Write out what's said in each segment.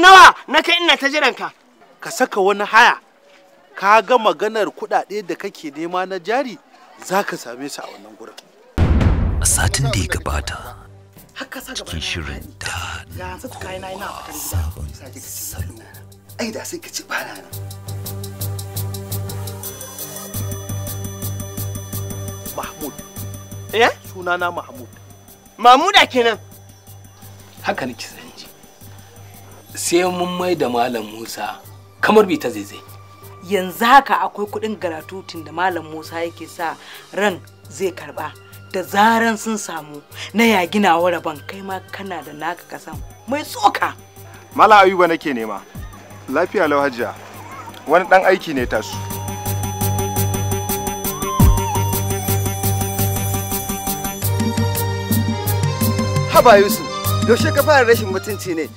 nawa na kai ina ta jiranka ka saka wani haya ka ga maganar kuɗaɗe da kake nema na jari za ka same su a wannan gurin a satin da ya gabata cikin shirin da sabon salo ai da sai ka ci bana mahmud eh sunana mahmud mahmuda kenan haka nake sai sai mun mai da malam musa kamar bi ta zaizai. yanzu haka akwai kuɗin garatutun da malam musa yake sa ran zai karba da zaran sun samu na ya ginawa rabon kai ma kana da naka kasan mai tsoka mala ayuba nake nema lafiya lau hajiya wani ɗan aiki ne tasu haba yusuf yaushe ka fara rashin mutunci ne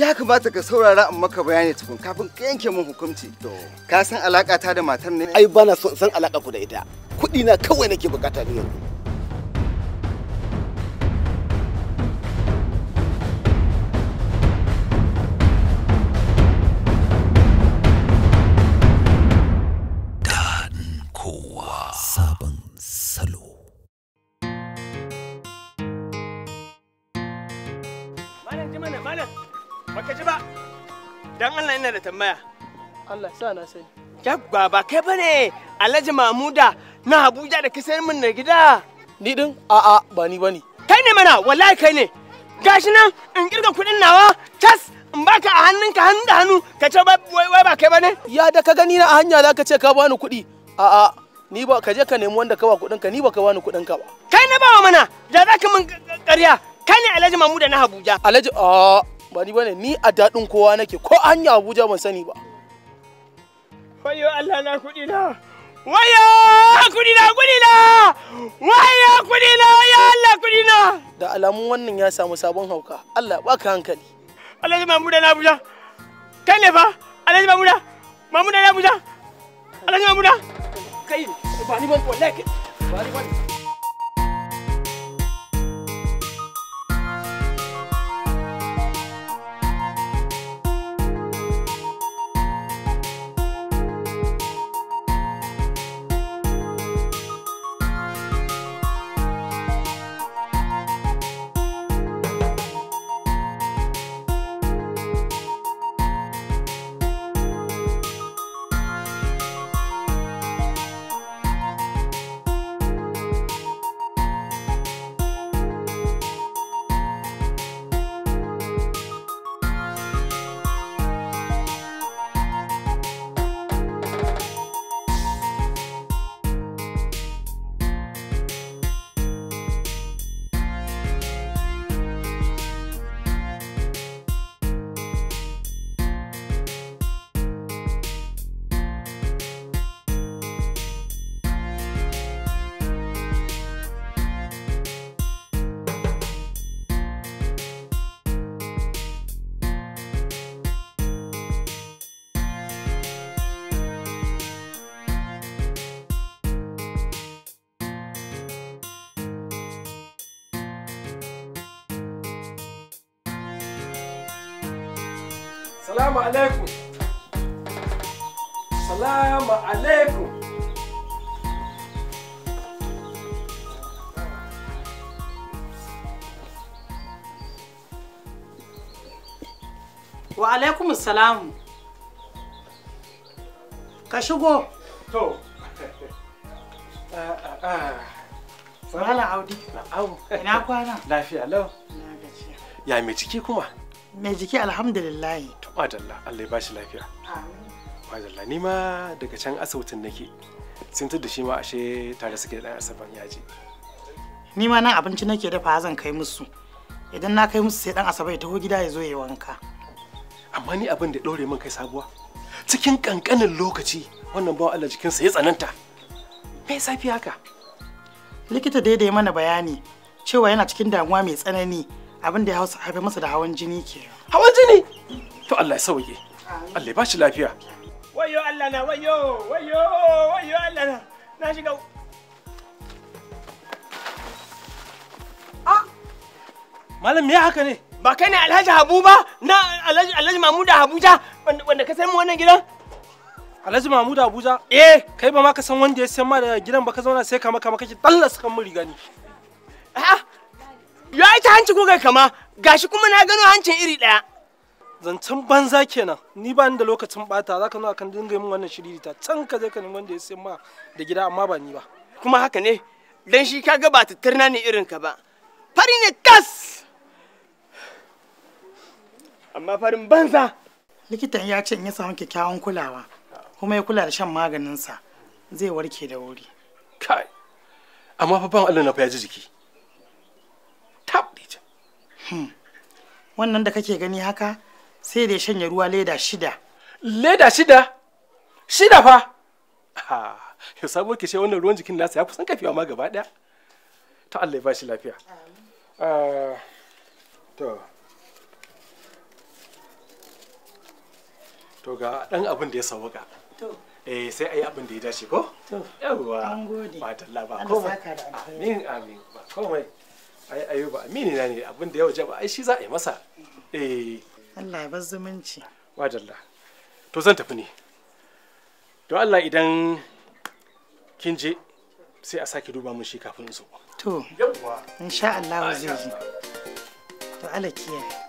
ya kamata ka saurara in maka bayani tukun kafin ka yanke min hukunci ka san alaka ta da matar ne ai bana son san alaka ku da ita kuɗi na kawai nake bukata ni yanzu malam. Baka ji ba? Dan Allah ina da tambaya. Allah sa na sani. Yagba ba kai bane Alhaji Mamuda na Abuja da ka sayar min na gida. Ni din? A'a ba ni bane. Kai ne mana wallahi kai ne. Gashi nan in kirga kudin nawa tas in baka a hannunka hannu da hannu ka ce wai wai ba kai bane. Ya da ka gani na a hanya za ka ce ka bani kuɗi. A'a ni ba ka je ka nemi wanda ka ba kuɗinka ni ba ka bani kuɗinka ba. Kai ne bawa mana da za ka min ƙarya. Kai ne Alhaji Mamuda na Abuja. Alhaji a'a ba ni bane ni a daɗin kowa nake ko hanya abuja ban sani ba wayo allah na kuɗi na wayo kuɗi na kuɗi na wayo kuɗi na ya allah kuɗi na da alamun wannan ya samu sabon hauka allah ya baka hankali alhaji mamuda na abuja kai ne fa alhaji mamuda mamuda na abuja alhaji mamuda kai ba ni ban wallahi ba ni ban alaikum. alaikum. Wa alaikum salam Ka shigo. To. Mala Audi. Au. Ina kwana? Lafiya lau. Ya mai ciki kuma? Mai jiki alhamdulillah. madalla Allah ya bashi lafiya Amin, madalla ni ma daga can asibitin nake sun da shi ma ashe tare suke da asaban yaji ni ma nan abinci nake dafa zan kai musu idan na kai musu sai dan asaba ya taho gida ya zo ya wanka amma ni abin da dore min kai sabuwa cikin kankanin lokaci wannan bawan Allah jikinsa ya tsananta me safi haka likita daidai mana bayani cewa yana cikin damuwa mai tsanani abin da ya haifa masa da hawan jini ke hawan jini to Allah ya sauke Allah ya bashi lafiya wayo Allah na wayo wayo wayo Allah na na shiga ah malam me haka ne ba kai ne Alhaji Habu ba na Alhaji Alhaji Mahmuda Habuja wanda ka san mu wannan gidan Alhaji Mahmuda Abuja eh kai ba ma ka san wanda ya san ma da gidan ba ka zauna sai ka maka maka ki tallasa kan mu riga ni ah ya ita hanci ko kai kama gashi kuma na gano hancin iri daya zancen banza kenan ni ba da lokacin bata zaka nuna kan dinga yin wannan ta can ka zai ka nemi wanda ya sayan ma da gida amma ba ni ba kuma haka ne dan shi ka gaba ba tarna ne irin ka ba fari ne tas amma farin banza likitan ya ce in ya samu kyakkyawan kulawa kuma ya kula da shan maganin sa zai warke da wuri kai amma fa ban Allah na fa ya ji jiki tab hmm. wannan da kake gani haka sai da ya shanye ruwa leda shida leda shida shida fa ya sabo ke wannan ruwan jikin nasa ya kusan kafewa ma gaba ɗaya. ta Allah ya bashi lafiya ah, to to ga ɗan abin da ya sauka eh sai ayi abin da ya dace ko yawwa matalla ba komai amin amin ba komai ai ayuba amini na ne abin da ya waje ba ai shi za a yi masa mm. eh Allah ya bar zumunci. Wajalla. To zan tafi ne. To Allah idan kin je sai a sake duba mun shi kafin in zo. To. Yawwa. Insha Allah zai To Allah kiyaye.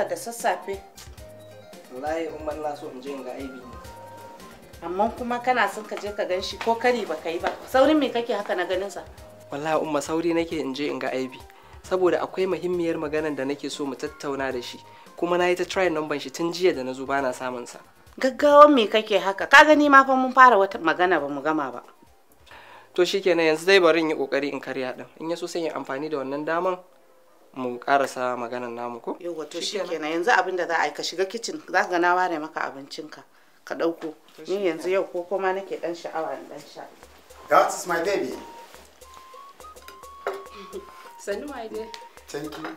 haka da sassafe wallahi umar na so in je ga aibi amma kuma kana son ka je ka gan shi ko kari ba ka yi ba saurin me kake haka na ganin sa wallahi umma sauri nake in je in ga aibi saboda akwai muhimmiyar maganar da nake so mu tattauna da shi kuma na yi ta try number shi tun jiya da na zo bana samun sa gaggawan me kake haka ka gani ma fa mun fara wata magana ba mu gama ba to shikenan yanzu dai bari in yi kokari in karya din in ya so sai amfani da wannan daman mu karasa maganan namu ko yau wato shikenan yanzu abin da za a yi ka shiga kicin za ka ga na ware maka abincinka ka dauko ni yanzu yau ko kuma nake dan sha'awa in dan sha that is my baby sanu my dai thank you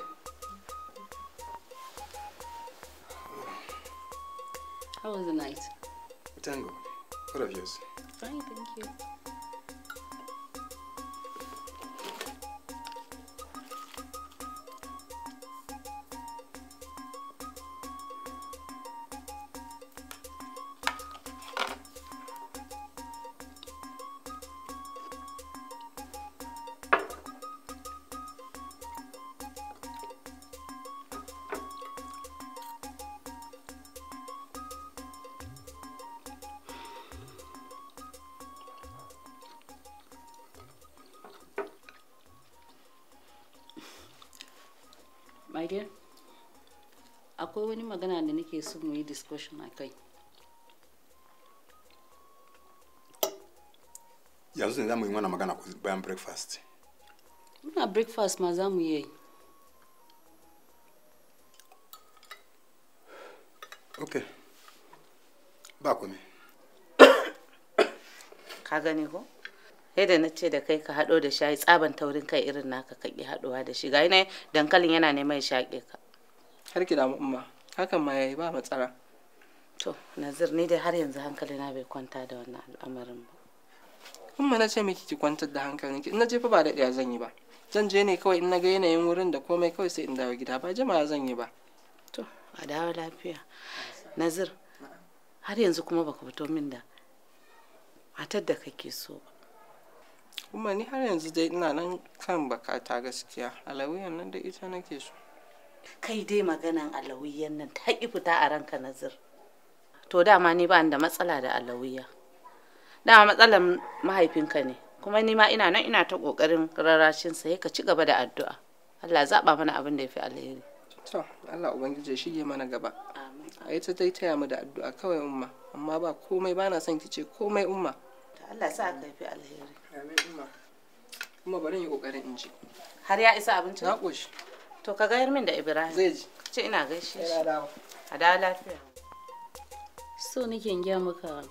How was the night? Tango, what of yours? Fine, thank you. su mu yi discussion a kai yanzu ne za mu yi wannan magana bayan breakfast muna breakfast ma za mu yi ok ba ku ne. ka gani ko yadda na ce da kai ka haɗo da shayi tsaban taurin kai irin naka ka ƙi haɗowa da shi ga yana dankalin yana neman shaƙe ka har ki da umma hakan ma yayi ba matsala to nazir ni dai har yanzu hankali na bai kwanta da wannan al'amarin ba ma na ce miki ki kwantar da hankalin in na jefa ba ba ɗaya zan yi ba zan je ne kawai in na ga yanayin wurin da komai kawai sai in dawo gida ba jama'a zan yi ba to a dawo lafiya nazir har yanzu kuma baka fito min da matar da kake so ba kuma ni har yanzu dai ina nan kan bakata gaskiya alawiyan nan da ita nake so kai dai maganan alawiyan nan ta ƙi fita a ranka nazir to dama ni ba da matsala da alawiya dama matsalan mahaifinka ne kuma ni ma ina nan ina ta ƙoƙarin rarashin sa ka ci gaba da addu'a Allah zaɓa mana abin da ya fi alheri to Allah ubangiji ya shige mana gaba a yi ta dai taya mu da addu'a kawai umma amma ba komai ba na son ki ce komai umma Allah sa ka fi alheri amin umma kuma bari yi ƙoƙarin in ji har ya isa abincin na ƙoshi to ka gayar min da ibrahim zai ji ce ina gaishe shi a da lafiya so nake gya maka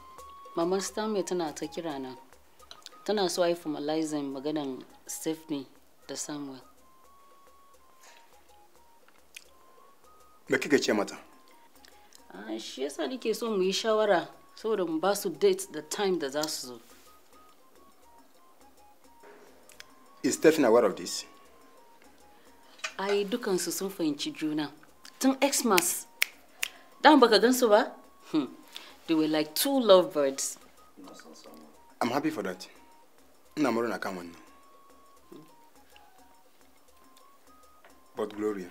Mama stanley tana ta kira na tana so ai formalizing maganan stephanie da samuel me kika ce mata ah, shi yasa nake so mu yi shawara saboda mu ba su date da time da za su zo is stephanie aware of this ai dukansu sun fahimci juna tun xmas dan baka gansu ba hmm. they were like two lovebirds i'm happy for that ina murna kan wannan but gloria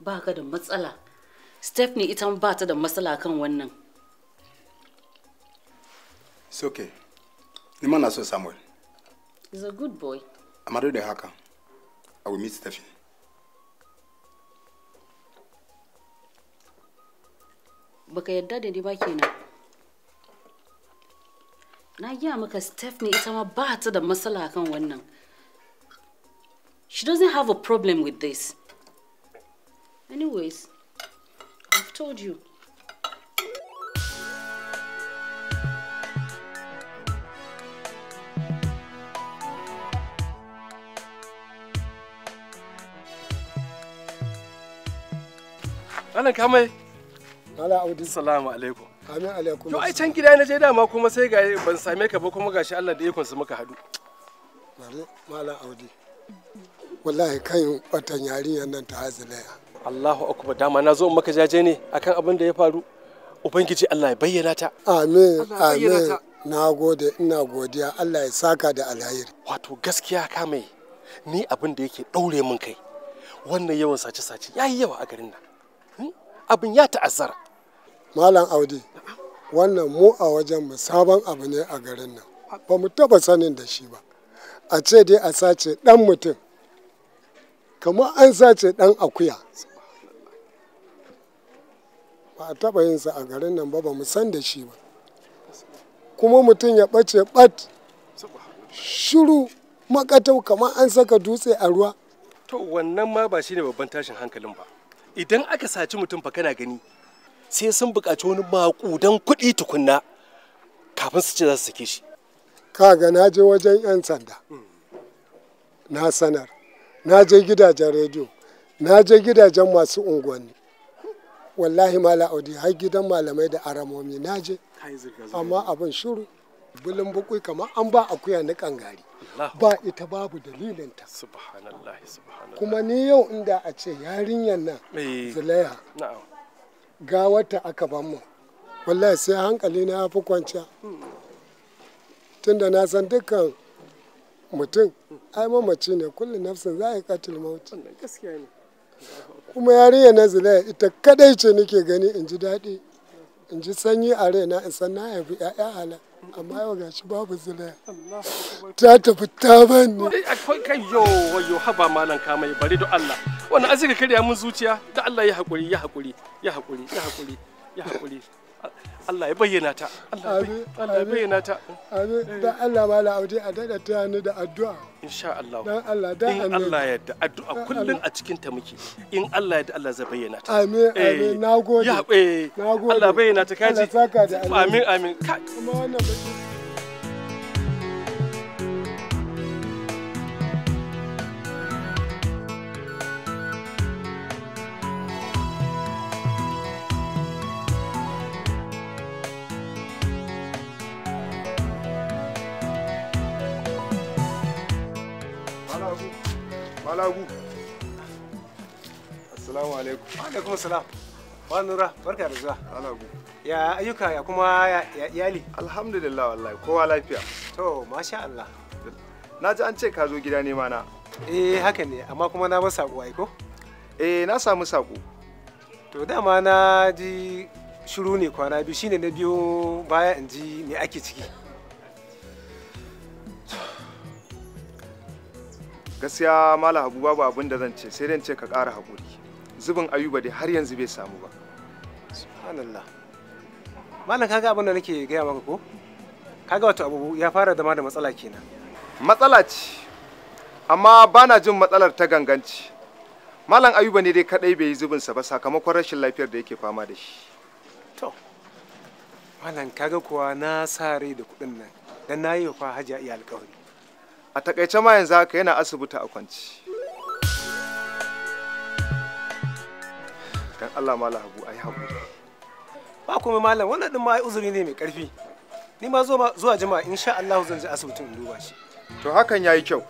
ba ka da matsala stephanie ita ba ta da matsala kan wannan it's okay ni ma na so samuel he's a good boy amma duk da haka I will meet Stephen. Baka yarda da ni ba kenan. Na gaya maka Stephanie ita ma ba ta da matsala kan wannan. She doesn't have a problem with this. Anyways, I've told you. Malam Kamai. Malam Audu. Assalamu alaikum. Amin alaikum. To ai can gida na je dama kuma sai ga ban same ka ba kuma gashi Allah da ikon su muka hadu. Mala Audu. Wallahi kan watan yarinyar nan ta hazilaya. Allahu akbar dama na zo maka jaje ne akan abin da ya faru. Ubangiji Allah ya bayyana ta. Amin. Amin. Na gode ina godiya Allah ya saka da alhairi. Wato gaskiya kamai ni abin da yake ɗaure mun kai. Wannan yawan sace-sace yi yawa a garin nan. abin ya ta'azzara malam audi wannan mu a wajen mu sabon abu ne a garin nan ba mu taba sanin da shi ba a ce dai a sace dan mutum kamar an sace dan akuya ba a taba yin sa a garin nan ba ba mu san da shi ba kuma mutum ya ɓace ɓat shiru makatau kamar an saka dutse a ruwa to wannan ma ba shi ne babban tashin hankalin ba idan aka saci mutum fa kana gani sai sun buƙaci wani maƙudan kuɗi tukunna kafin su ce za su sake shi kaga na je wajen 'yan sanda na sanar na je gidajen rediyo na je gidajen masu unguwanni wallahi mala audi har gidan malamai da aramomi na je amma abin shuru bulin bakwai kamar an ba akuya na kangari ba ita babu dalilinta kuma ni yau inda a ce yarinyar nan zulaya ga wata aka ban mu wallahi sai hankali na ya fi kwanciya tunda na san dukkan mutum ai mamaci ne kullum nafsin za a yi katil mawuci kuma yarinya na zilaya ita kadai ce nake gani in ji daɗi in ji sanyi a raina in san na haifi 'ya'ya halar amma yau ga shi babu zile ta tafi ta bani eh, akwai kai yo yo haba malan kama bari da Allah wannan azika karya mun zuciya da Allah ya hakuri ya hakuri ya hakuri ya hakuri ya hakuri Allah ya bayyana ta Allah ya bayyana ta amin dan Allah ma la audi a dada ta ni da addu'a insha Allah dan Allah dan Allah. in Allah ya da addu'a kullun a cikin ta muke in Allah ya da Allah zai bayyana ta amin eh. amin nagode ya eh. nagode Allah bayyana ta kaji amin amin kuma wannan Malagu. Assalamu alaikum. Wa alaikum salam. Wa Nura, barka da zuwa. Malagu. Ya ayyuka ya kuma ya iyali? Alhamdulillah wallahi kowa lafiya. To, masha Allah. Na ji an ce ka zo gida ne mana. Eh, haka ne, amma kuma na ba sako ai ko? Eh, na samu sako. To dama na ji shiru ne kwana biyu shine na biyo baya in ji me ake ciki. gaskiya mala habu babu abin da zan ce sai dai ce ka ƙara haƙuri zubin ayuba dai har yanzu bai samu ba subhanallah malam kaga abin da nake gaya maka ko kaga wato abubu ya fara zama da matsala kenan matsala ce amma bana jin matsalar ta ganganci malam ayuba ne dai kadai bai yi zubinsa ba sakamakon rashin lafiyar da yake fama da shi to malam kaga kuwa na sa rai da kuɗin nan dan na yi fa hajiya iya alƙawari a takaice ma yanzu haka yana asibiti a kwanci dan Allah mala Habu ai habu ba kuma malam wannan din ma uzuri ne mai ƙarfi ni ma zuwa jama'a insha Allah zan je asibitin in duba shi to hakan yayi kyau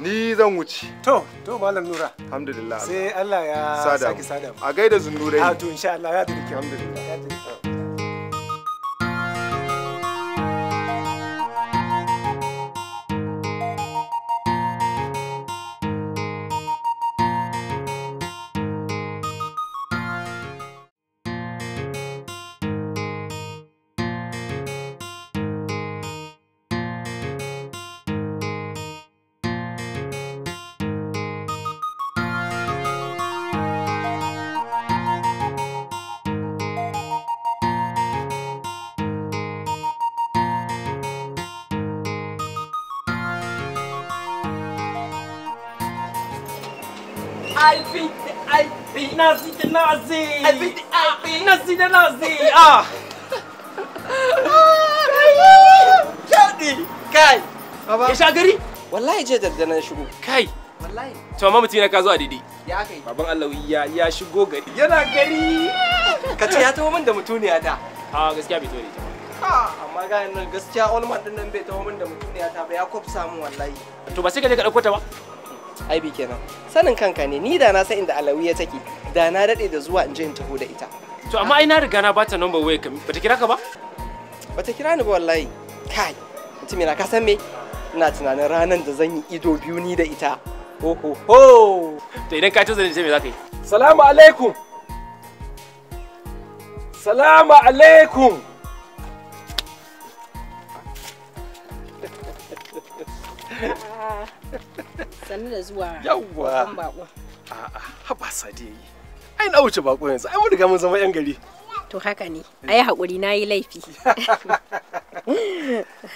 ni zan wuce to to malam Nura alhamdulillah sai Allah ya saki sada a gaida zunnurai a to insha Allah ya dinki alhamdulillah nazi the nazi nazi the nazi ah Kai. kai baba ya sha gari wallahi je daddare na shigo kai wallahi to amma mutum ka zo a daidai ya kai baban Allah ya ya shigo gari yana gari ka ce ya taho min da mutuniya da a gaskiya bai tore ta amma ga nan gaskiya olman din nan bai taho min da mutuniya ta ba ya kofsa min wallahi to ba sai ka je ka dauko ta ba aibi kenan sanin kanka ne ni da na san inda alawiya take da na daɗe da zuwa in je in taho da ita to amma ai na riga na bata number waya kami bata kira ka ba bata kira ni ba wallahi kai mutum yana ka san me ina tunanin ranar da zan yi ido biyu ni da ita ho ho ho to idan ka ci zan je me ka yi salamu alaikum salamu alaikum Ha sannu da zuwa yawwa bako a'a haba sadiya ai na wuce bako yanzu ai mun riga mun zama yan gari to haka ne eh. a yi haƙuri na yi laifi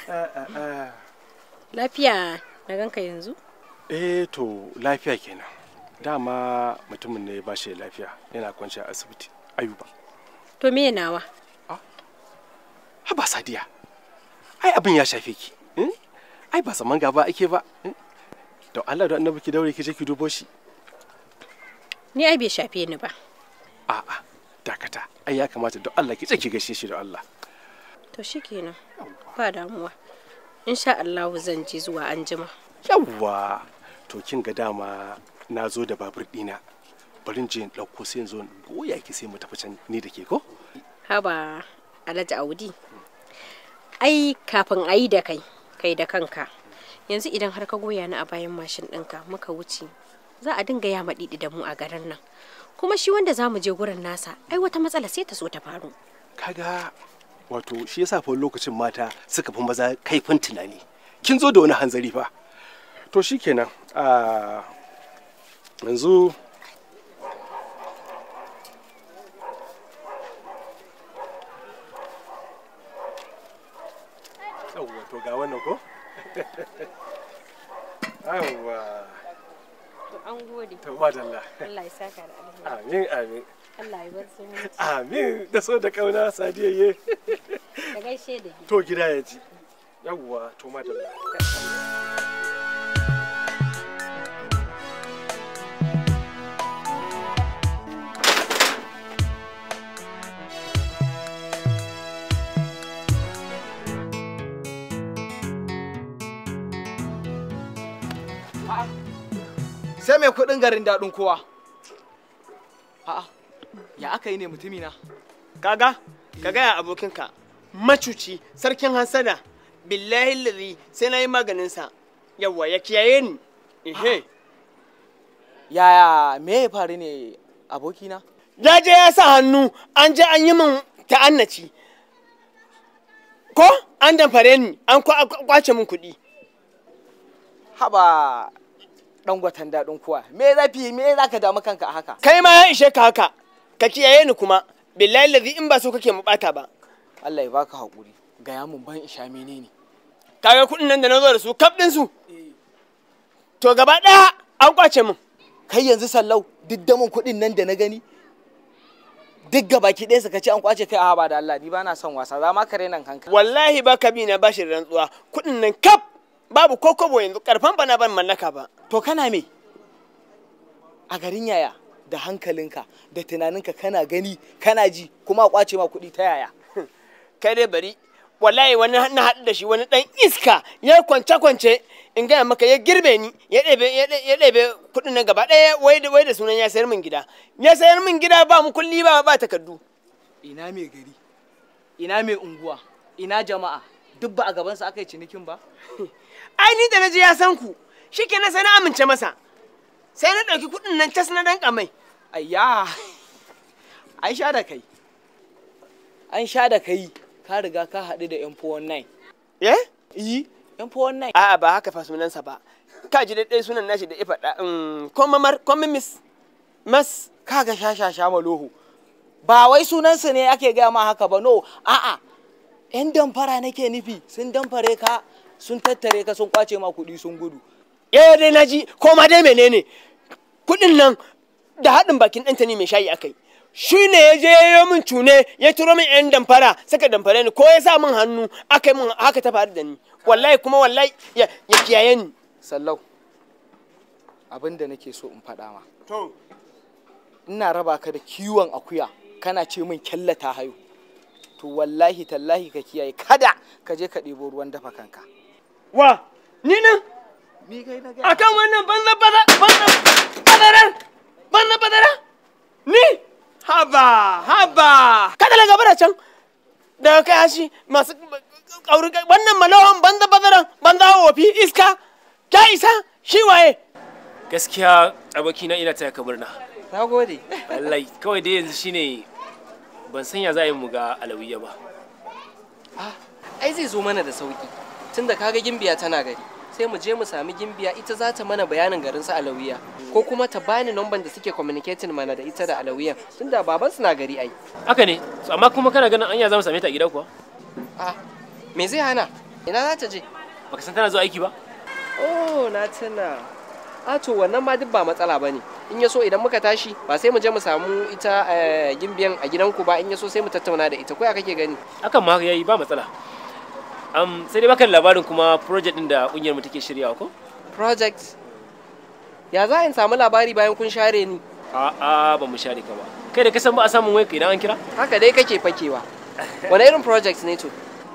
lafiya na ganka yanzu eh to lafiya kenan dama mutumin ne ba shi lafiya yana kwanciya a asibiti ayuba to me nawa ah. haba sadiya ai abin ya shafe ki hmm? ai ba saman gaba ake ba hmm? to Allah da annabi ki daure ki je ki dubo shi ni ai bai shafe ni ba a'a dakata ai ya kamata don Allah ki je ki gaishe shi da Allah to shikenan ba damuwa insha Allah zan je zuwa anjima yawwa to kin ga dama na zo da babur dina bari je in dauko sai in zo goya ki sai mu tafi can ni da ke ko haba Alhaji Audi ai kafin ayi da kai kai da kanka yanzu idan har ka goya ni a bayan mashin ɗinka muka wuce za a dinga ya maɗiɗi da mu a garin nan kuma shi wanda za mu je gurin nasa ai wata matsala sai ta so ta faru kaga wato shi yasa fa lokacin mata suka fi maza kaifin tunani kin zo da wani hanzari fa to shikenan a yanzu ga wannan ko Yawwa. To an gode. To madalla. Allah ya saka da alheri. Amin amin. Allah ya bar zumunci. Amin da so da kauna ye. Ka gaishe da ke? To gida ya ji. Yawwa to ma madalla. sai mai kudin garin daɗin kowa a'a ya aka yi ne mutumina kaga ya gaya abokinka macuci sarkin hasada billahi lalli sai na yi sa. yawwa ya kiyaye ni ya yaya me ya faru ne abokina ya je ya sa hannu an je an yi min ta'annaci ko an damfare ni an kwace min kuɗi haba dan gwatan daɗin kowa me zafi me za ka damu kanka a haka kai ma ya ishe ka haka ka kiyaye ni kuma billahi lazi in ba so kake mu bata ba Allah ya baka hakuri ga mun ban isha menene kaga kuɗin nan da na zo da su kaf din su to gaba ɗaya an kwace min kai yanzu sallau duk mun kuɗin nan da na gani duk gaba ki ɗaya ka ce an kwace kai a haba da Allah ni ba na son wasa za ma kare nan kanka wallahi ba ka bi na bashi rantsuwa kuɗin nan kaf babu ko kobo yanzu karfan bana ban mallaka ba to kana me a garin yaya da hankalinka da tunaninka kana gani kana ji kuma a kwace ma kuɗi ta yaya kai dai bari wallahi wani na haɗu da shi wani ɗan iska ya kwance kwance in gaya maka ya girbe ni ya ɗebe kuɗin nan gaba ɗaya wai da sunan ya sayar min gida ya sayar min gida ba mu kulli ba ba takardu ina mai gari ina mai unguwa ina jama'a duk ba a gabansa aka yi cinikin ba ai ni da naji ya san ku shike na sai na amince masa sai na ɗauki kuɗin nan tas na danka mai ayya an sha da kai an sha da kai ka riga ka haɗu da 419 eh yi 419 a'a ba haka fa sunansa ba ka ji daidai sunan nashi da ifa da um, komamar komimis mas ga sha sha sha maloho ba wai sunansa ne ake gaya ma haka ba no a'a yan damfara nake nufi sun damfare ka sun tattare ka sun kwace ma kuɗi sun gudu eh dai naji ko ma dai menene kuɗin nan da haɗin bakin ne mai shayi akai shi ne ya je ya min cune ya turo min yan damfara saka damfare ni ko ya sa min hannu aka mun haka ta faru da ni wallahi kuma wallahi ya kiyaye ni sallau abin da nake so in faɗa ma ina raba ka da kiwon akuya kana ce min kyallata hayo to wallahi tallahi ka kiyaye kada ka je ka ɗebo ruwan dafa kanka wa ni nan a kan wannan banza badara banza badara ni haba haba kada daga bara can da kai shi masu ƙauri wannan malawan banza badaran banza wofi iska ta isa shi waye gaskiya na ina taya ka murna na gode wallahi kawai dai yanzu shine ban sanya za a yi mu ga alawiya ba ah, ai zai zo mana da sauki tunda kaga gimbiya tana gari sai mu je mu sami gimbiya ita za ta mana bayanin garin su alawiya ko kuma ta bani namban da suke communicating mana da ita da alawiya tunda baban su na gari ai haka ne amma kuma kana ganin anya za mu same ta a gida kuwa a ah, me zai hana ina za ta je baka san tana zuwa aiki ba oh na tana a ah, to wannan ma duk ba matsala bane in ya so idan muka tashi ba sai mu je mu samu ita eh, gimbiyan a gidanku ba in ya so sai mu tattauna da ita ko ya kake gani akan ma yayi ba matsala um, sai dai bakan labarin kuma project din da kungiyar mu take shiryawa ko project ya za in samu labari bayan kun share ni a'a ba mu share ka ba kai da kasan ba a samun wayar idan an kira haka dai kake fakewa wani irin project ne to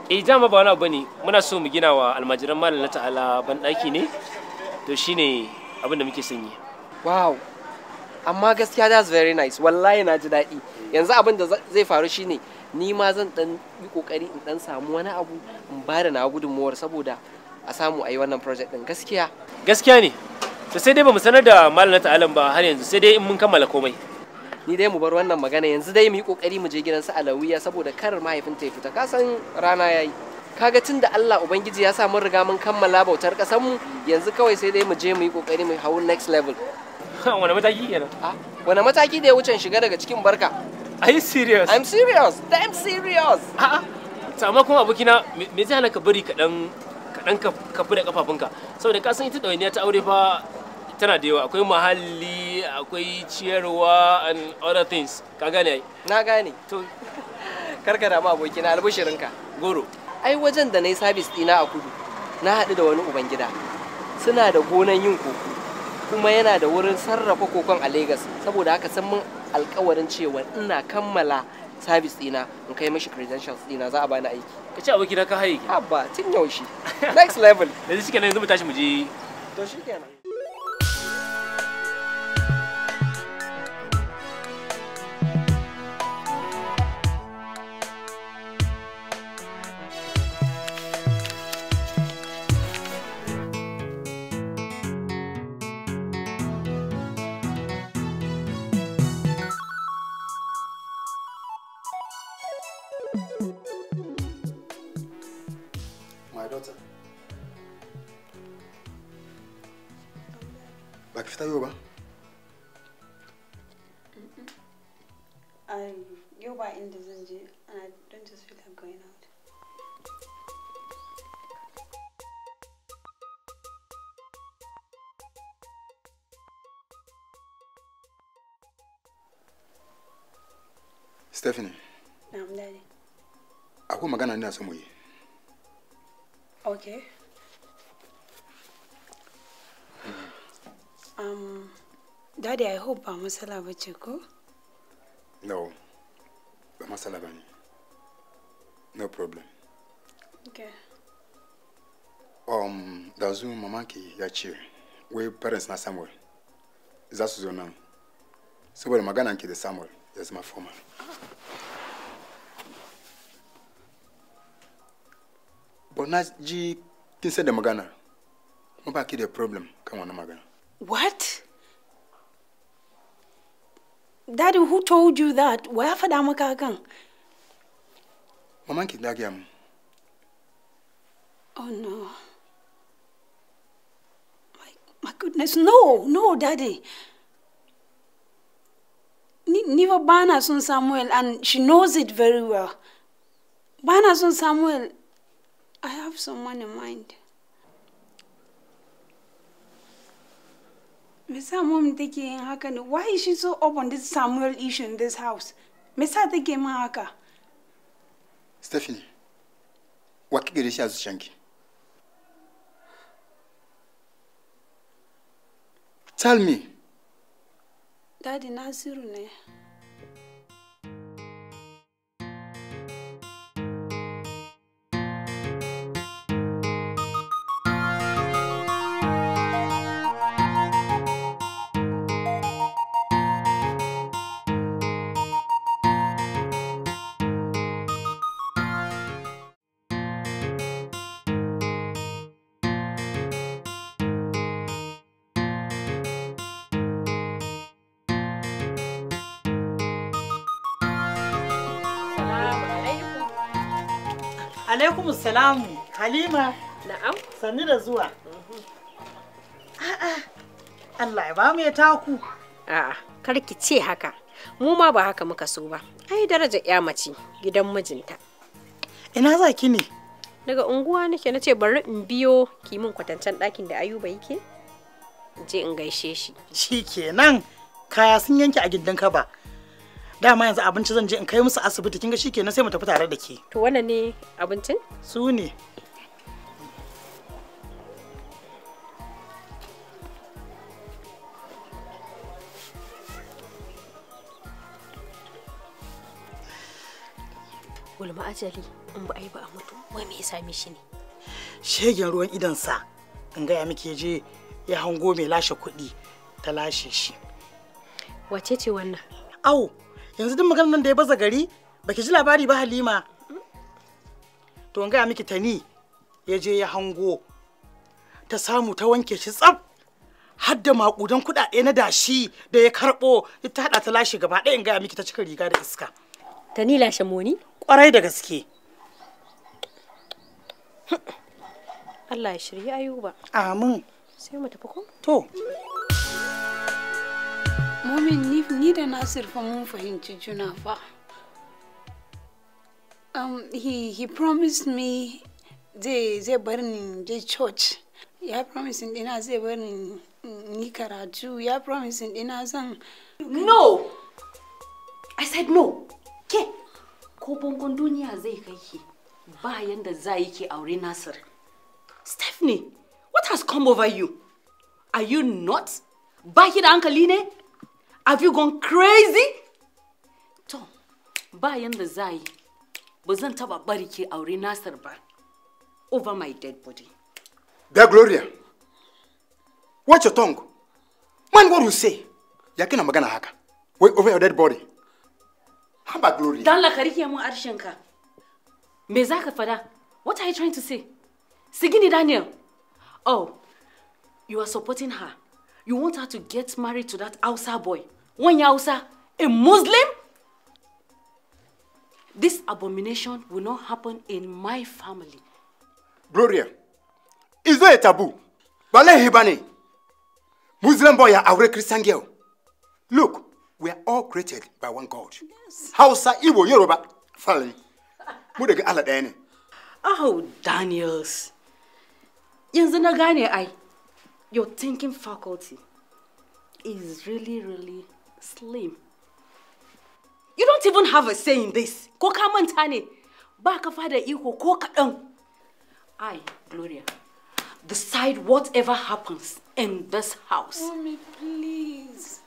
eh dama ba wani abu ne muna so mu gina wa almajiran malam na ta'ala ban daki ne to shine abin da muke sanyi. wow amma gaskiya that's very nice wallahi na ji daɗi yanzu abin da zai faru shine ni ma zan dan yi kokari in dan samu wani abu in ba da na gudunmuwar saboda a samu a yi wannan project din gaskiya gaskiya ne to sai dai bamu sanar da malam ta'alan ba har yanzu sai dai in mun kammala komai ni dai mu bar wannan magana yanzu dai mu yi kokari mu je gidan su alawiya saboda kar mahaifinta ya fita ka san rana yayi kaga tun da Allah ubangiji ya sa mun riga mun kammala bautar kasan mu yanzu kawai sai dai mu je mu yi kokari mu hau next level wani mataki kenan ah, wani mataki da ya wuce shiga daga cikin barka Are you serious? I'm serious. Damn serious. A'a. Sama kuma abokina me zai hana ka bari ka dan ka dan ka fi kafafunka saboda ka san ita ɗawainiya ta aure fa tana da yawa akwai muhalli akwai ciyarwa and other things ka gane ai na gane to karkara da ma abokina albushirinka goro ai wajen da na yi sabis dina a kudu na haɗu da wani ubangida suna da gonan yin koko kuma yana da wurin sarrafa kokon a lagos saboda haka san mun alkawarin cewa ina kammala service dina in kai mashi credentials dina za a bani aiki ka ce aboki na ka haye ki abba tun yaushe next level yanzu shikenan yanzu mu tashi mu je to shikenan masala ba ce ko? No, ba masala ba ne. No problem. Okay. Um, da zu mamaki ya ce, wai parents na Samuel za su zo nan. Saboda magana ke da Samuel ya zama formal. But na ji kin da magana, kuma ba ki da problem kan wani magana. What? Daddy, who told you that? Why have I maka hakan? Maman ki ta Oh no. My, my goodness, no, no, Daddy. Neither Bana son Samuel, and she knows it very well. Bana son Samuel, I have someone in mind. me sa Mesa mom take yin haka ne? Why is she so up on this Samuel issue in this house? me Mesa take min haka? Stephanie, wa kike da shi a ki Tell me. Daddy Nasiru ne. alaikum salamu halima na'am sanni da zuwa a'a Allah ya ba mu ya taku a'a kar ki ce haka mu ma ba haka muka so ba ai daraja ya mace gidan mijinta ina za ki ne daga unguwa nake na ce bari in biyo kimin kwatancen ɗakin da ayuba yake je in gaishe shi shikenan kaya sun yanke a gindin ka ba dama yanzu abinci zan je in kai musu asibiti kinga na sai mu tafi tare da ke to wannan ne abincin su ne gulma ajali in ba a yi ba a mutu wai me ya same shi ne shegen ruwan sa in gaya muke je ya hango mai lashe kuɗi ta lashe shi wace ce wannan au yanzu duk maganar nan da ya baza gari baki ji labari ba halima to gaya miki tani ya je ya hango ta samu ta wanke shi tsaf har da makudan kuɗaɗe na dashi da ya karɓo ta haɗa ta lashe gaba ɗaya in gaya miki ta cika riga da iska tani lashe moni kwarai da gaske Allah ya shirya ayuba amin sai mu tafi ko to Momin ni da Nasir fa mun fahimci juna fa. Um, he, he promised me zai bar ni je church. Ya promise dina zai bar ni karatu. Ya promise dina zan... No! I said no! Ke! Ko bangon duniya zai kai ki ba yanda za yi ke aure Nasir. Stephanie, what has come over you? Are you not? Ba ki da hankali ne? Have you gone crazy? To, ba yanda za yi, ba zan taba bari ke aure Nasir ba. Over my dead body. Dear Gloria, watch your tongue. Man, what you say? Ya kina magana haka. Wait over your dead body. How about Gloria? Dan la karike mun arshenka. Me za ka fada? What are you trying to say? Sigini Daniel. Oh, you are supporting her. You want her to get married to that Hausa boy? One Hausa, a Muslim? This abomination will not happen in my family. Gloria, is there a taboo? Bale Hibani, Muslim boy are Christian girl. Look, we are all created by one God. Yes. Hausa, Igbo, Yoruba, Fali. Mudega Allah Oh, Daniels. Yanzu na gane ai. your thinking faculty is really, really slim. You don't even have a say in this. Koka ka manta ne, iko ko kaɗan. I, Gloria, decide whatever happens in this house. Mommy, please.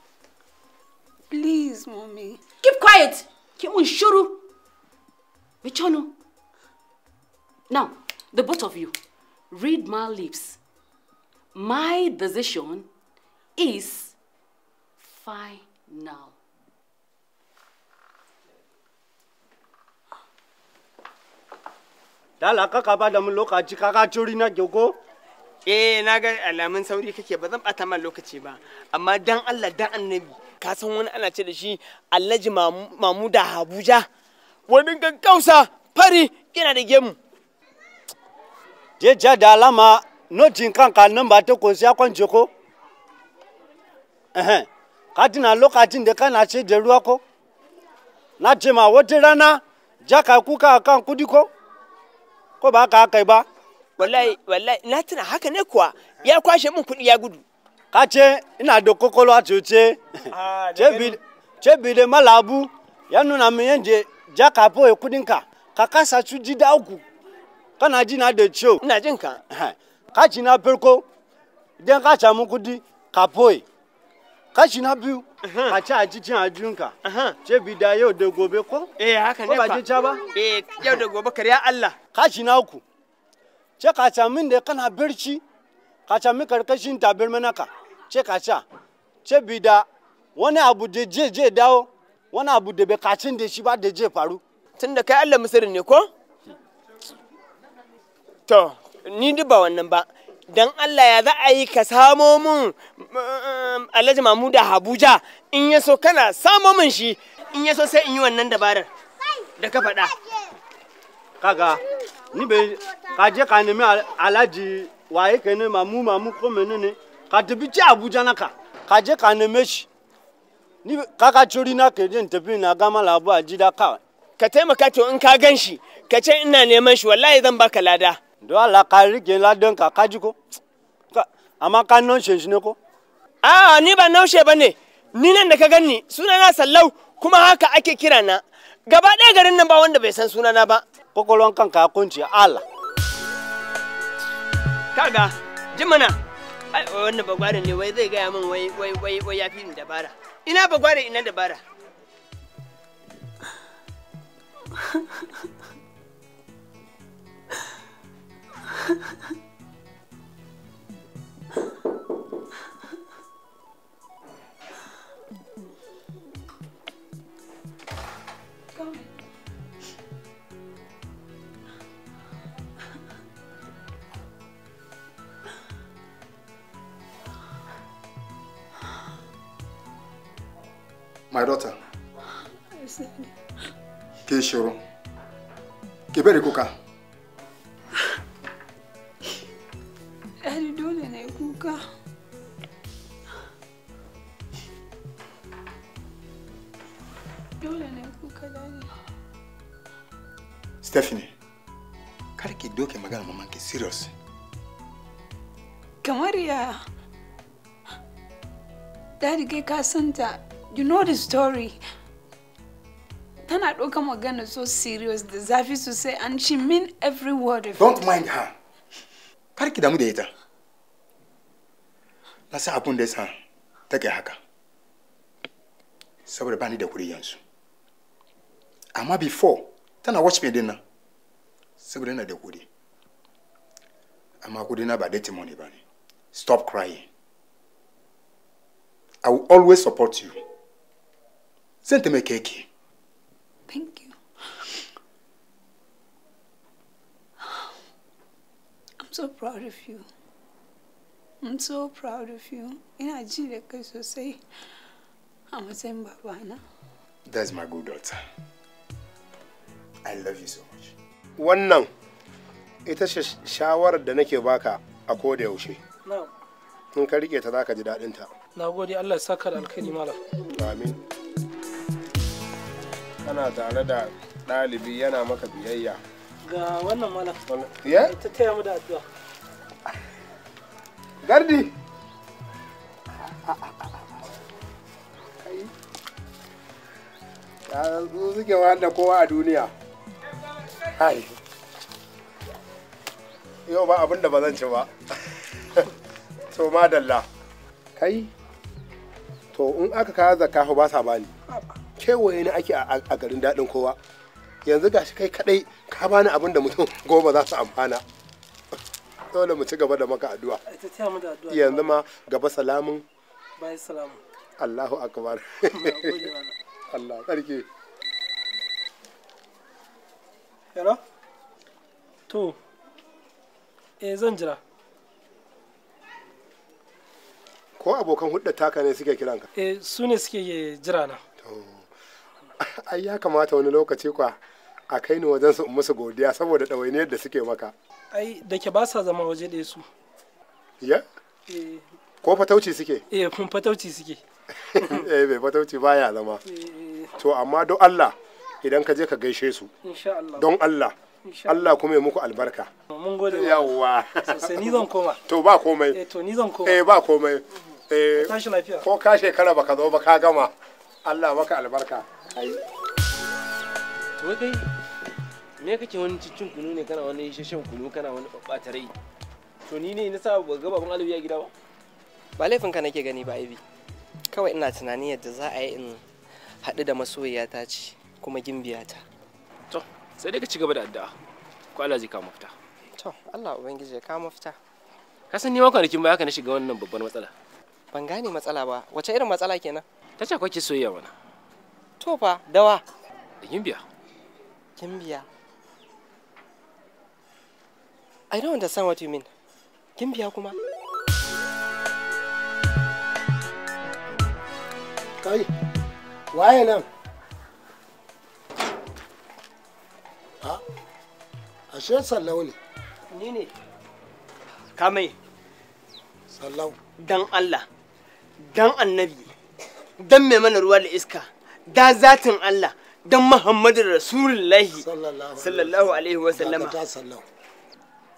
Please, Mommy. Keep quiet. Keep on shuru. Now, the both of you, read my lips. My decision is final. Dala kaka ba da mun lokaci ka juri na gogo Eh na ga alamun sauri kake ba zan bata man lokaci ba amma dan Allah dan annabi ka san wani ana ce da shi Alhaji Mamuda Habuja wani gaggausa fari kina da gemu. Je ja da alama no jin ka nan ba ta ko siya kwan jeko ka kati na lokacin da kana ce da ko na ce ma wata rana ja ka ka kan kudi ko ko ba ka kai ba wallahi wallahi ah, na tina haka ne kwa ya kwashe min kudi ya gudu ka ce ina do kokolo a cuce ce bi da malabu ya nuna min je ja ka foye kudinka ka kasa cuji da uku kana ji na da ciwo na jin ka ci na farko idan ka samu kudi ka foye ka ci biyu ka ci a cikin ajiyunka ce da yau da gobe ko eh haka ne ba ce ba eh yau da gobe kariya Allah ka ci na uku ce ka samu da kana birci ka samu karkashin tabir manaka ce ka ca ce da wani abu da je je dawo wani abu da bai kacin da shi ba da je faru tun da kai Allah misirin ne ko to ni duk ba wannan ba dan Allah ya za a yi ka samo mun mm, Alhaji Mahmuda Habuja in ya so kana samo mun shi in ya so sai in yi wannan dabarar da ka faɗa kaga ni bai ka je ka nemi Alhaji waye ka ne mamu mamu ko menene ka tafi ci Abuja naka ka je ka neme shi ni ka cori na ka je tafi na gama labu a jida kawai ka taimaka to in ka gan shi ka ce ina neman shi wallahi zan baka lada do don kari gen la ladan ka kaji ko amma ka naushe shi ne ko a'a ni ba non she bane ni nan da ka ganni na sallau kuma haka ake kira na gaba ɗaya garin nan ba wanda bai san sunana ba kokolon kan ka kunci Allah kaga ji mana ai wannan bagware ne wai zai gaya min wai wai wai wai yafi ni dabara ina bagware ina dabara My daughter. Kí ìṣòro? Kì か dole ne kuka dani stephanie kar ki doke magana maman ki serious kamar ya dadi kai ka santa you know the story tana doka magana so serious da zafi sosai and she mean every word of don't it. mind her kar ki damu da ita ka san abin da ya sa ta kai haka saboda ba ni da kuri yanzu amma before tana watch me din nan saboda yana da kuri amma kudi na ba dirty money ba ne stop crying i will always support you zan me keke thank you i'm so proud of you I'm so proud of you. Ina ji da kai sosai a matsayin babana. That's my good daughter. I love you so much. Wannan ita ce shawarar da nake baka a koda yaushe. In ka rike ta za ka ji daɗinta. Na gode Allah saka da alkhairi malam. Amin. Kana tare da ɗalibi yana maka biyayya. Ga wannan malam. Ya? Ta taya mu da addu'a. gardi ya su suke wanda kowa a duniya hai yau ba abin da ba zan ci ba to madalla kai to in aka kawo zakka ba sa bani kewaye ne ake a garin daɗin kowa yanzu gashi kai kadai ka bani abin da mutum goma za su amfana dole mu ci gaba da maka addu'a yanzu ma gaba salamun bayan salamun Allahu akbar Allah tsarki hello to eh zan jira ko abokan hudda taka ne suke kiranka eh su ne suke jira na ai ya kamata wani lokaci kwa a kai ni wajen su musu godiya saboda ɗawainiyar da suke maka ai da ke ba sa zama waje ɗaya su ya eh. ko fatauci suke eh kun fatauci suke eh bai fatauci baya zama eh, eh. to amma don Allah idan ka je ka gaishe su don Allah Allah kuma ya muku albarka mun gode yawa sai ni zan koma to ba komai eh to ni zan koma eh ba komai mm-hmm. eh ko ka shekara baka zo ba ka gama Allah maka albarka to dai me kake wani cin kunu ne kana wani shashen kunu kana wani ɓata to ni ne na sa ba ga baban alibi ya gida ba ba laifin ka nake gani ba aibi kawai ina tunanin yadda za a yi in haɗu da masoyiyata ce kuma gimbiya ta. to sai dai ka ci gaba da addu'a ko Allah zai kawo mafita to Allah ubangiji ya kawo mafita ka san ni ma kwanakin ba haka na shiga wannan babban matsala ban gane matsala ba wace irin matsala kenan ta ce kwake soyayya mana to fa dawa da gimbiya gimbiya I don't understand what you mean. Kin biya kuma? Kai, waye nan? Ha? Ashe sallau ne. Ni ne. Kamai. Sallau. Dan Allah, dan annabi, dan mai mana ruwa da iska, da zatin Allah, dan Muhammadu Rasulullahi sallallahu alaihi wasallama.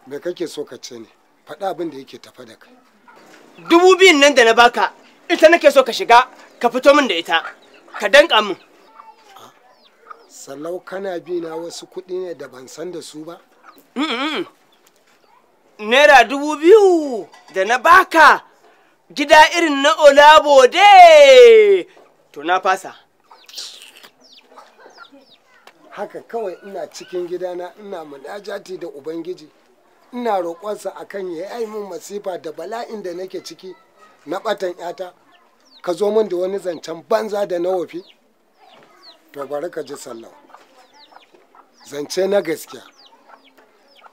me kake so ka ce ne faɗa abin da yake tafa da kai dubu biyun nan da na baka ita nake so ka shiga ka fito min da ita ka danka min sallau kana bi wasu kuɗi ne da ban san da su ba naira dubu biyu da na baka gida irin na olabo de to na fasa haka kawai ina cikin gidana ina mulajati da ubangiji ina roƙonsa akan ya yi min masifa da bala'in da nake ciki na ɓatan yata ka zo min da wani zancen banza da na wafi to bari ka ji sallau zance na gaskiya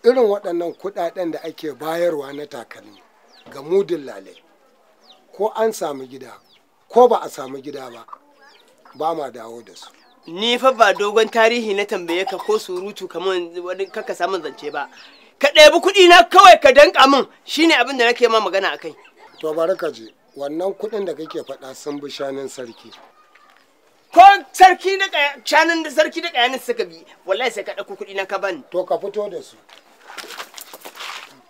irin waɗannan kuɗaɗen da ake bayarwa na takalmi ga mudin lale ko an samu gida ko ba a samu gida ba ba ma dawo da su ni fa ba dogon tarihi na tambaye ka ko surutu kamar wani kaka samun zance ba ka ɗebi kuɗi na kawai ka danka min shine abin da nake ma magana a kai to bari ka je wannan kuɗin da kake faɗa sun bi shanin sarki ko sarki da shanin da sarki da kayanin suka bi wallahi sai ka ɗauko kuɗi na ka bani to ka fito da su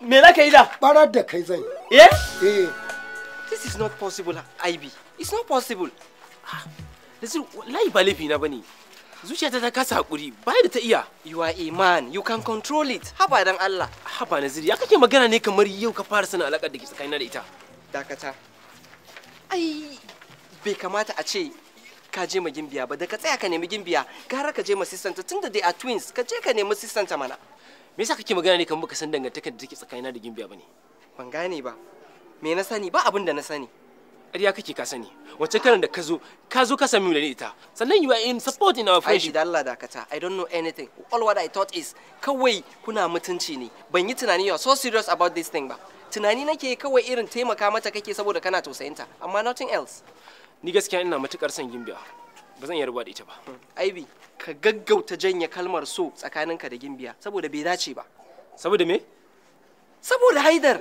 me za ka yi da barar da kai zan eh eh this is not possible Ibi. it's not possible ah, wallahi ba bane. zuciyata ta kasa hakuri ba da ta iya you are a man you can control it haba dan Allah haba ziri ya kake magana ne kamar yau ka fara sanin alakar da ke tsakanin da ita dakata ai bai kamata a ce ka je ma gimbiya ba da ka tsaya ka nemi gimbiya gara ka je ma sistanta tunda dai a twins ka je ka nemi sistanta mana me yasa kake magana ne kamar baka san dangantakar da take tsakanin da gimbiya bane ban gane ba me na sani ba abin da na sani ƙarya kake ka sani wace karan da ka zo ka zo ka da ita sannan you are in support in our friendship ai Allah dakata i don't know anything all what i thought is kawai kuna mutunci ne ban yi tunani you are so serious about this thing ba tunani nake kawai irin taimaka mata kake saboda kana tausayinta amma nothing else ni gaskiya ina matukar son gimbiya ba zan yarda da ita ba aibi hmm. ka gaggauta janya kalmar so tsakaninka da gimbiya saboda bai dace ba saboda me saboda haidar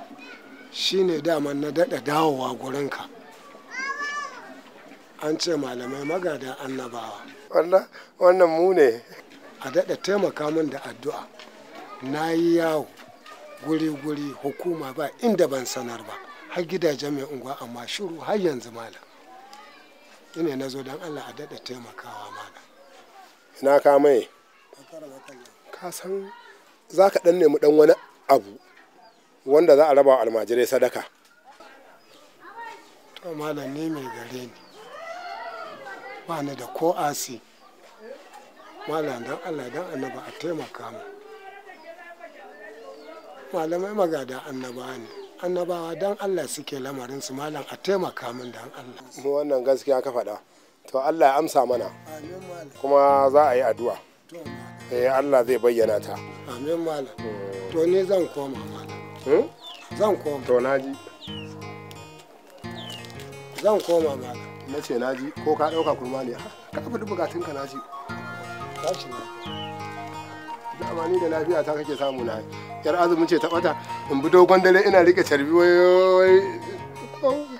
shine dama na daɗa dawowa gurinka an ce malamai magada annabawa wannan mu ne a daɗa taimaka min da addu'a na yi yawo guri-guri hukuma ba inda ban sanar ba har gidajen mai unguwa amma shiru har yanzu malam ina na zo don allah a daɗa taimakawa malam ina ka mai ka san za ka ɗan nemi ɗan wani abu wanda za a raba almajirai sadaka to malam ni mai gare ni ba ni da ko asi malam don allah don annaba a taimaka mu malamai magada annaba ne annabawa don allah suke lamarin su malam a taimaka min don allah mu wannan gaskiya ka faɗa to allah ya amsa mana kuma za a yi addu'a eh allah zai bayyana ta amin malam hmm. to ni zan koma Hmm? Zan koma. To naji. Zan koma ma. Na ce naji ko ka ɗauka kurma ne. Ah, ka faɗi bukatun ka naji. Tashi ne. Dama ni da lafiya ta kake samu na. Yar azumin ce ta bata In bi dogon dare ina rike carbi wai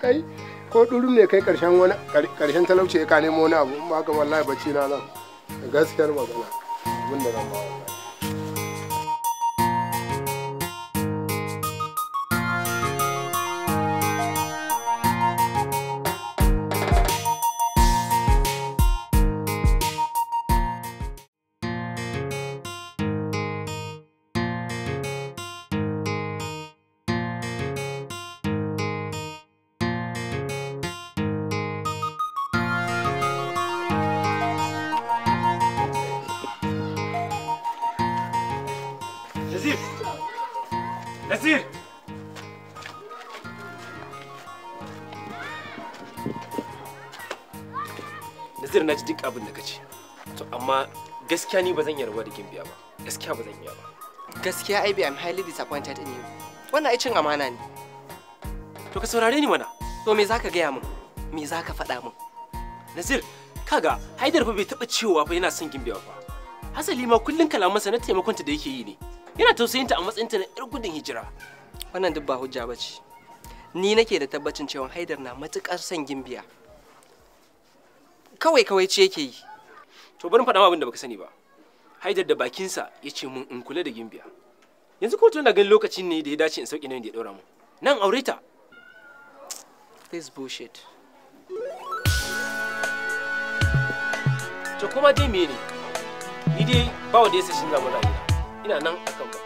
kai. Ko ɗurum ne kai karshen wani karshen talauci ka nemo wani abu. Ba ka wallahi bacci na nan. Gaskiyar magana. Abin da zan ba. na ji duk abin da kace to amma gaskiya ni ba zan iya rabuwa da gimbiya ba gaskiya ba zan iya ba gaskiya ai bi am highly disappointed in you wannan ai cin amana ne to ka saurare ni mana to me zaka gaya min me zaka faɗa min nazir kaga haidar fa bai taɓa cewa fa yana son gimbiya ba. hasali ma kullun kalamansa na taimakonta da yake yi ne yana tausayinta a matsayinta na yar gudun hijira wannan duk ba hujja bace ni nake da tabbacin cewa haidar na matuƙar son gimbiya kawai kawai ce yake yi to bari faɗa abin da baka sani ba haidar da bakinsa ya ce mun in kula da gimbiya yanzu ko yana ganin lokacin ne da ya dace in sauki nan da ya ɗora mu nan aure ta this bullshit to kuma dai me ne ni dai ba wanda ya sashin zamu rayuwa ina nan akan ba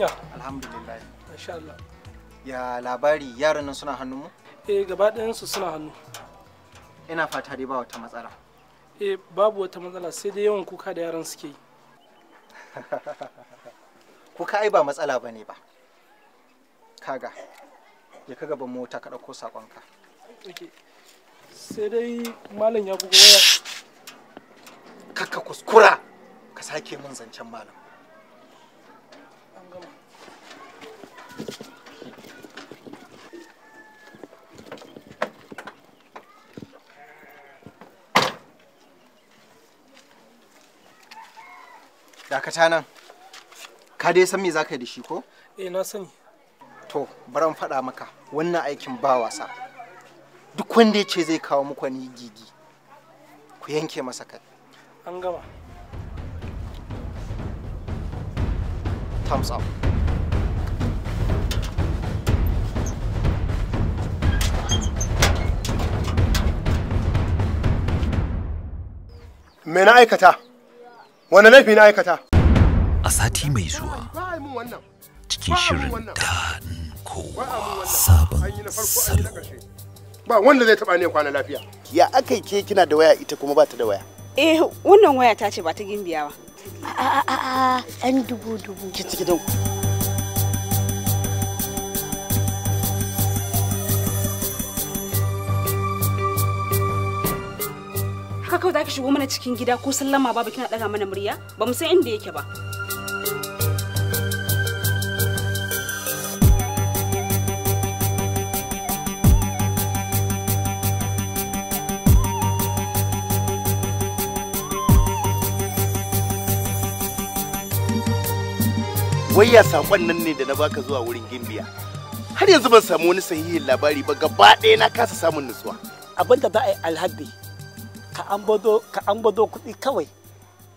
kunya? alhamdulillah insha Allah ya labari yaran nan suna hannunmu? eh gaba ɗayan su suna hannu ina fata dai ba wata matsala eh babu wata matsala sai dai yawan kuka da yaran suke yi kuka ai ba matsala bane ba kaga ya kaga ban mota ka ɗauko saƙonka sai dai malam ya buga waya kakka kuskura ka sake mun zancen malam dakata nan ka dai san me za ka yi da shi ko eh na sani to baran faɗa maka wannan aikin ba wasa duk wanda ya ce zai kawo muku wani gigi ku yanke masa kai an gama thumbs up me na aikata wani laifi na aikata a sati mai zuwa cikin shirin daɗin kowa sabon salo ba wanda zai taɓa ne kwana lafiya ya aka yi ke kina da waya ita kuma ba ta da waya eh wannan waya ta ce ba ta gimbiya ba a a a an dubu dubu ki ciki don kawai za ka shigo mana cikin gida ko sallama babu kina daga mana murya ba mu san inda yake ba wayya sakon nan ne da na baka zuwa wurin gimbiya har yanzu ban samu wani sahihin labari ba gaba ɗaya na kasa samun nutsuwa abinda za a yi alhaddi ka an bado kuɗi kawai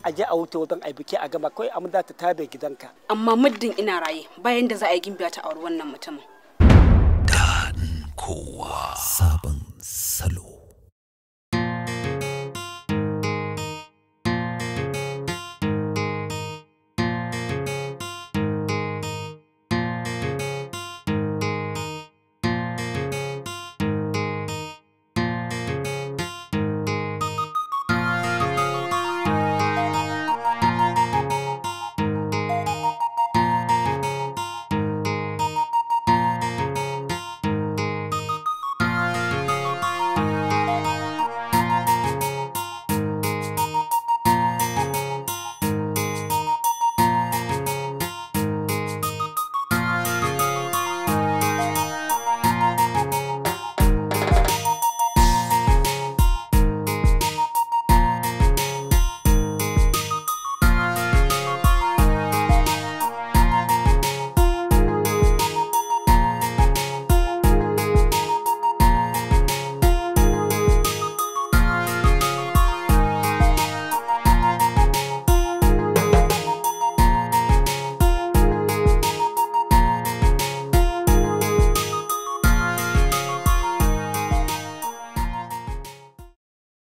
a je a wuce wajen aibuke a gama kawai amma za ta tabe gidanka. Amma muddin ina raye bayan da za a yi gimbiya ta auri wannan mutumin. Daɗin kowa sabon salo.